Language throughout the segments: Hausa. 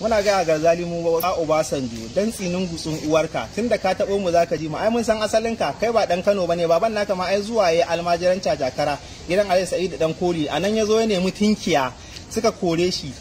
muna ga ga zalimu ba Obasanjo dan tsinin gutsun uwarka tunda ka taɓo mu zaka ji mu ai mun san asalin ka kai ba dan Kano bane baban naka ma ai zuwa yayi almajiran cajakara gidan Ali Sa'id dan Koli anan yazo ya nemi tinkiya suka kore shi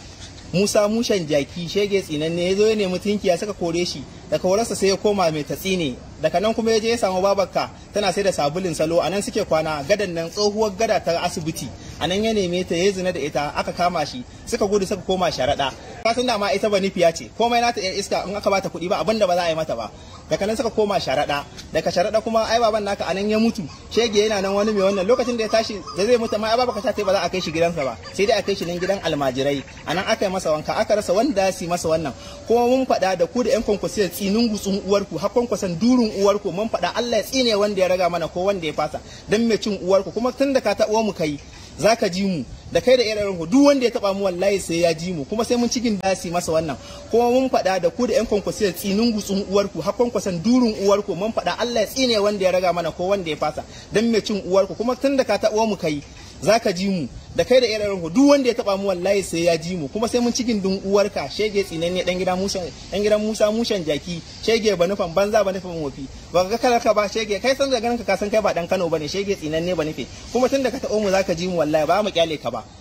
Musa mushan jaki shege tsinanne yazo ya nemi tinkiya suka kore shi da wurinsa sai ya koma mai tatsi ne daga nan kuma ya je ya samu babarka tana sai da sabulin salo a nan suke kwana gadan nan tsohuwar gada ta asibiti a nan ya neme ta ya zina da ita aka kama shi suka gudu suka koma sharaɗa kasan ma ita ba nufiya ce komai nata yan iska in aka bata kuɗi ba abinda ba za a yi mata ba daga nan suka koma sharaɗa daga sharaɗa kuma ai baban naka a nan ya mutu shege yana nan wani mai wannan lokacin da ya tashi da zai mutu ma ai babaka ta ba za a kai shi gidansa ba sai dai a kai shi nan gidan almajirai a nan aka yi masa wanka aka rasa wanda ya masa wannan kuma mun faɗa da ku da yan kwankwasiyar tsinin gutsun uwarku har kwankwasan durun cin uwarku mun faɗa Allah ya tsine wanda ya raga mana ko wanda ya fasa dan me cin uwarku kuma tun da ka taɓa mu kai zaka ji mu da kai da irin ku duk wanda ya taba mu wallahi sai ya ji mu kuma sai mun cikin dasi masa wannan kuma mun faɗa da ku da yan kwankwasi da tsinin gutsun uwarku har kwankwasan durun uwarku mun faɗa Allah ya tsine wanda ya raga mana ko wanda ya fasa dan me cin uwarku kuma tun da ka taɓa mu kai zaka ji mu da kai da irin duk wanda ya taba mu wallahi sai ya ji mu kuma sai mun cikin dun uwarka shege tsinanne dan gidan Musa dan gidan Musa mushan jaki shege ba nufan banza ba nufan wofi ba ga kalar ka ba shege kai san daga ganin ka san kai ba dan Kano bane shege tsinanne ba nufe kuma da ka taɓo mu zaka ji mu wallahi ba mu kyale ka ba